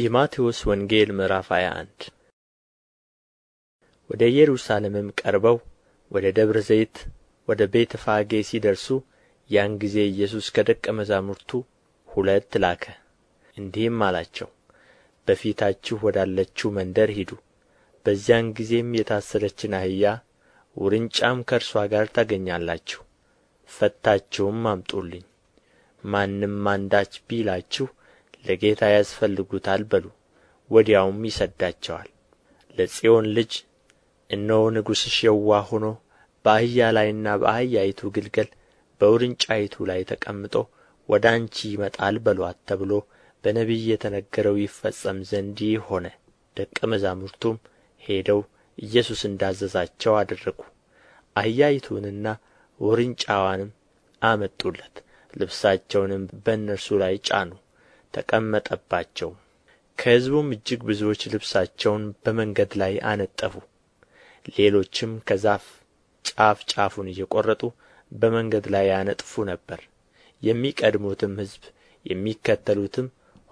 የማቴዎስ ወንጌል ምዕራፍ 21 ወደ ኢየሩሳሌምም ቀርበው ወደ ደብረ ዘይት ወደ ቤተ ፋጌ ሲደርሱ ያን ጊዜ ኢየሱስ ከደቀ መዛሙርቱ ሁለት ላከ፣ እንዲህም አላቸው፣ በፊታችሁ ወዳለችው መንደር ሂዱ። በዚያን ጊዜም የታሰረችን አህያ ውርንጫም ከእርሷ ጋር ታገኛላችሁ፣ ፈታችሁም አምጡልኝ። ማንም አንዳች ቢላችሁ ለጌታ ያስፈልጉታል በሉ ወዲያውም ይሰዳቸዋል ለጽዮን ልጅ እነሆ ንጉሥሽ የዋህ ሆኖ በአህያ ላይና በአህያይቱ ግልገል በውርንጫይቱ ላይ ተቀምጦ ወደ አንቺ ይመጣል በሏት ተብሎ በነቢይ የተነገረው ይፈጸም ዘንድ ይህ ሆነ። ደቀ መዛሙርቱም ሄደው ኢየሱስ እንዳዘዛቸው አደረጉ። አህያይቱንና ውርንጫዋንም አመጡለት፣ ልብሳቸውንም በእነርሱ ላይ ጫኑ። ተቀመጠባቸው ከሕዝቡም እጅግ ብዙዎች ልብሳቸውን በመንገድ ላይ አነጠፉ ሌሎችም ከዛፍ ጫፍ ጫፉን እየቈረጡ በመንገድ ላይ ያነጥፉ ነበር የሚቀድሙትም ሕዝብ የሚከተሉትም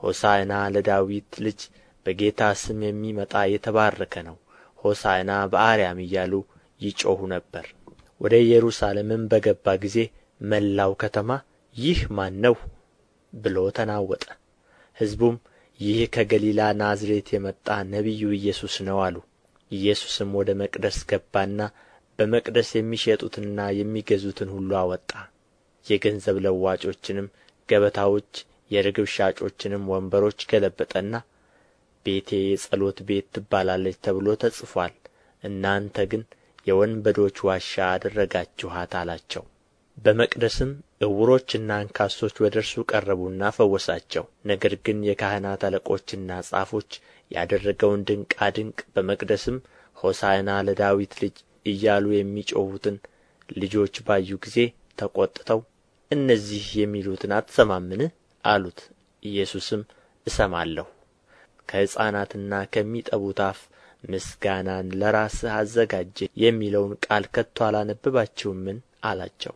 ሆሣዕና ለዳዊት ልጅ በጌታ ስም የሚመጣ የተባረከ ነው ሆሣዕና በአርያም እያሉ ይጮኹ ነበር ወደ ኢየሩሳሌምም በገባ ጊዜ መላው ከተማ ይህ ማን ነው ብሎ ተናወጠ ሕዝቡም ይህ ከገሊላ ናዝሬት የመጣ ነቢዩ ኢየሱስ ነው አሉ ኢየሱስም ወደ መቅደስ ገባና በመቅደስ የሚሸጡትና የሚገዙትን ሁሉ አወጣ የገንዘብ ለዋጮችንም ገበታዎች የርግብ ሻጮችንም ወንበሮች ገለበጠና ቤቴ የጸሎት ቤት ትባላለች ተብሎ ተጽፏል። እናንተ ግን የወንበዶች ዋሻ አደረጋችኋት አላቸው በመቅደስም ዕውሮችና አንካሶች ወደ እርሱ ቀረቡና ፈወሳቸው ነገር ግን የካህናት አለቆችና ጻፎች ያደረገውን ድንቃ ድንቅ በመቅደስም ሆሣዕና ለዳዊት ልጅ እያሉ የሚጮሁትን ልጆች ባዩ ጊዜ ተቈጥተው እነዚህ የሚሉትን አትሰማምን አሉት ኢየሱስም እሰማለሁ ከሕፃናትና ከሚጠቡት አፍ ምስጋናን ለራስህ አዘጋጀ የሚለውን ቃል ከቶ አላነበባችሁምን አላቸው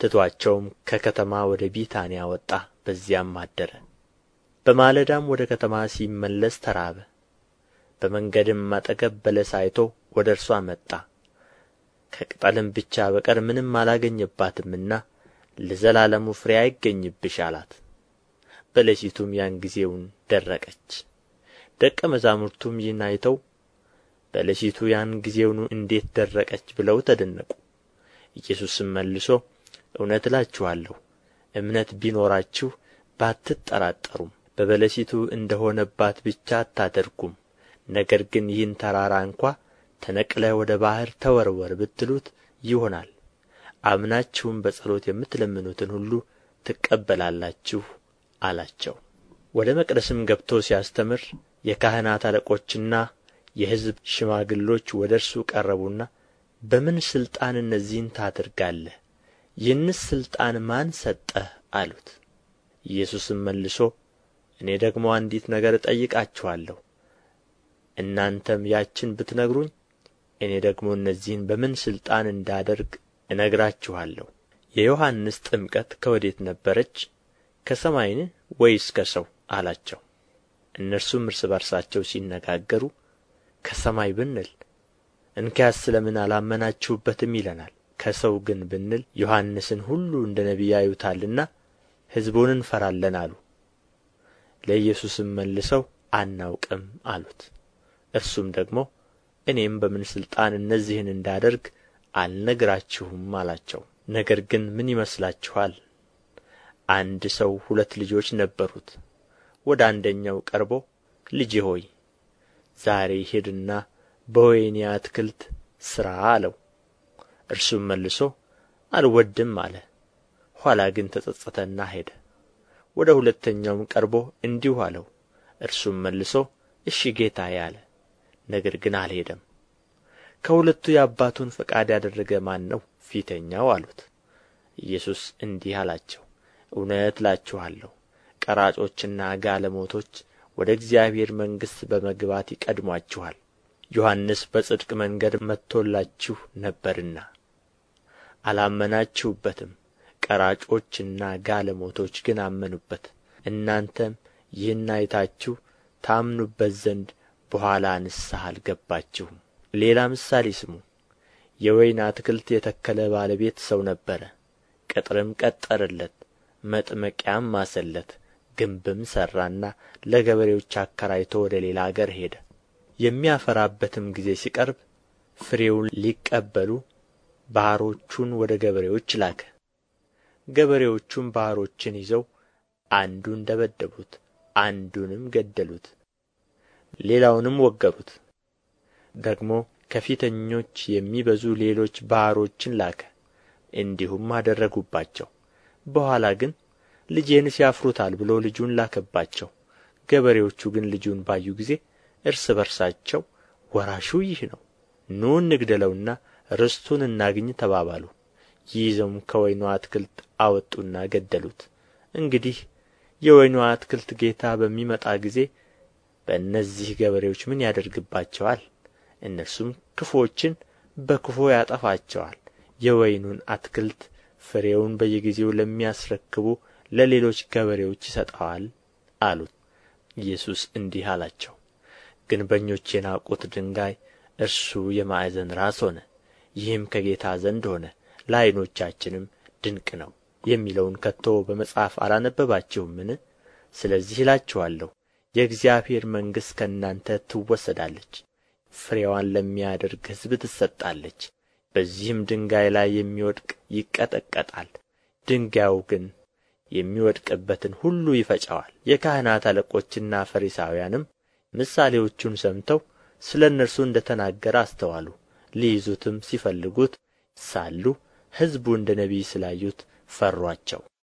ትቶአቸውም ከከተማ ወደ ቢታንያ ወጣ በዚያም አደረ በማለዳም ወደ ከተማ ሲመለስ ተራበ በመንገድም አጠገብ በለስ አይቶ ወደ እርሷ መጣ ከቅጠልም ብቻ በቀር ምንም አላገኘባትምና ለዘላለሙ ፍሬ አይገኝብሽ አላት በለሲቱም ያን ጊዜውን ደረቀች ደቀ መዛሙርቱም ይህን አይተው በለሲቱ ያን ጊዜውን እንዴት ደረቀች ብለው ተደነቁ ኢየሱስም መልሶ እውነት እላችኋለሁ እምነት ቢኖራችሁ ባትጠራጠሩም በበለሲቱ እንደ ሆነባት ብቻ አታደርጉም ነገር ግን ይህን ተራራ እንኳ ተነቅለህ ወደ ባሕር ተወርወር ብትሉት ይሆናል አምናችሁም በጸሎት የምትለምኑትን ሁሉ ትቀበላላችሁ አላቸው ወደ መቅደስም ገብቶ ሲያስተምር የካህናት አለቆችና የሕዝብ ሽማግሎች ወደ እርሱ ቀረቡና በምን ሥልጣን እነዚህን ታደርጋለህ ይህንስ ሥልጣን ማን ሰጠህ አሉት ኢየሱስም መልሶ እኔ ደግሞ አንዲት ነገር እጠይቃችኋለሁ እናንተም ያችን ብትነግሩኝ እኔ ደግሞ እነዚህን በምን ሥልጣን እንዳደርግ እነግራችኋለሁ የዮሐንስ ጥምቀት ከወዴት ነበረች ከሰማይን ወይስ ከሰው አላቸው እነርሱም እርስ በርሳቸው ሲነጋገሩ ከሰማይ ብንል እንኪያስ ስለ ምን አላመናችሁበትም ይለናል ከሰው ግን ብንል ዮሐንስን ሁሉ እንደ ነቢይ ያዩታልና ሕዝቡን እንፈራለን አሉ ለኢየሱስም መልሰው አናውቅም አሉት እርሱም ደግሞ እኔም በምን ሥልጣን እነዚህን እንዳደርግ አልነግራችሁም አላቸው ነገር ግን ምን ይመስላችኋል አንድ ሰው ሁለት ልጆች ነበሩት ወደ አንደኛው ቀርቦ ልጄ ሆይ ዛሬ ሂድና በወይኔ አትክልት ሥራ አለው እርሱም መልሶ አልወድም አለ ኋላ ግን ተጸጸተና ሄደ ወደ ሁለተኛውም ቀርቦ እንዲሁ አለው እርሱም መልሶ እሺ ጌታዬ አለ ነገር ግን አልሄደም ከሁለቱ የአባቱን ፈቃድ ያደረገ ማን ነው ፊተኛው አሉት ኢየሱስ እንዲህ አላቸው እውነት እላችኋለሁ ቀራጮችና ጋለሞቶች ወደ እግዚአብሔር መንግሥት በመግባት ይቀድሟችኋል ዮሐንስ በጽድቅ መንገድ መጥቶላችሁ ነበርና አላመናችሁበትም ቀራጮችና ጋለሞቶች ግን አመኑበት እናንተም ይህን አይታችሁ ታምኑበት ዘንድ በኋላ ንስሐ አልገባችሁም ሌላ ምሳሌ ስሙ የወይን አትክልት የተከለ ባለቤት ሰው ነበረ ቅጥርም ቀጠረለት መጥመቂያም ማሰለት ግንብም ሠራና ለገበሬዎች አከራይቶ ወደ ሌላ አገር ሄደ የሚያፈራበትም ጊዜ ሲቀርብ ፍሬውን ሊቀበሉ ባሮቹን ወደ ገበሬዎች ላከ ገበሬዎቹም ባሮችን ይዘው አንዱን ደበደቡት አንዱንም ገደሉት ሌላውንም ወገሩት ደግሞ ከፊተኞች የሚበዙ ሌሎች ባሮችን ላከ እንዲሁም አደረጉባቸው በኋላ ግን ልጄንስ ያፍሩታል ብሎ ልጁን ላከባቸው ገበሬዎቹ ግን ልጁን ባዩ ጊዜ እርስ በርሳቸው ወራሹ ይህ ነው ኑ እንግደለውና ርስቱን እናግኝ ተባባሉ ይዘውም ከወይኑ አትክልት አወጡና ገደሉት እንግዲህ የወይኑ አትክልት ጌታ በሚመጣ ጊዜ በእነዚህ ገበሬዎች ምን ያደርግባቸዋል እነርሱም ክፉዎችን በክፉ ያጠፋቸዋል የወይኑን አትክልት ፍሬውን በየጊዜው ለሚያስረክቡ ለሌሎች ገበሬዎች ይሰጠዋል አሉት ኢየሱስ እንዲህ አላቸው ግንበኞች የናቁት ድንጋይ እርሱ የማዕዘን ራስ ሆነ ይህም ከጌታ ዘንድ ሆነ ለዓይኖቻችንም ድንቅ ነው የሚለውን ከቶ በመጽሐፍ አላነበባችሁምን ስለዚህ እላችኋለሁ የእግዚአብሔር መንግሥት ከእናንተ ትወሰዳለች ፍሬዋን ለሚያደርግ ሕዝብ ትሰጣለች በዚህም ድንጋይ ላይ የሚወድቅ ይቀጠቀጣል ድንጋዩ ግን የሚወድቅበትን ሁሉ ይፈጨዋል የካህናት አለቆችና ፈሪሳውያንም ምሳሌዎቹን ሰምተው ስለ እነርሱ እንደ ተናገረ አስተዋሉ ሊይዙትም ሲፈልጉት ሳሉ ሕዝቡ እንደ ነቢይ ስላዩት ፈሩአቸው